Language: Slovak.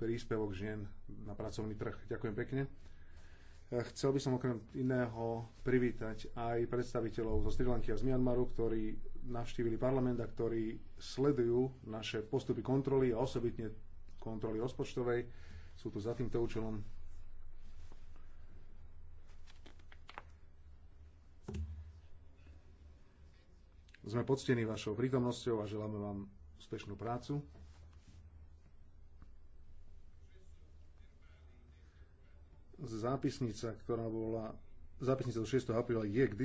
príspevok žien na pracovný trh. Ďakujem pekne. E, chcel by som okrem iného privítať aj predstaviteľov zo Sri Lanky a z Myanmaru, ktorí navštívili parlament a ktorí sledujú naše postupy kontroly a osobitne kontroly rozpočtovej. Sú tu za týmto účelom. Sme poctení vašou prítomnosťou a želáme vám úspešnú prácu. zápisnica, ktorá bola zápisnica do 6. apríla je k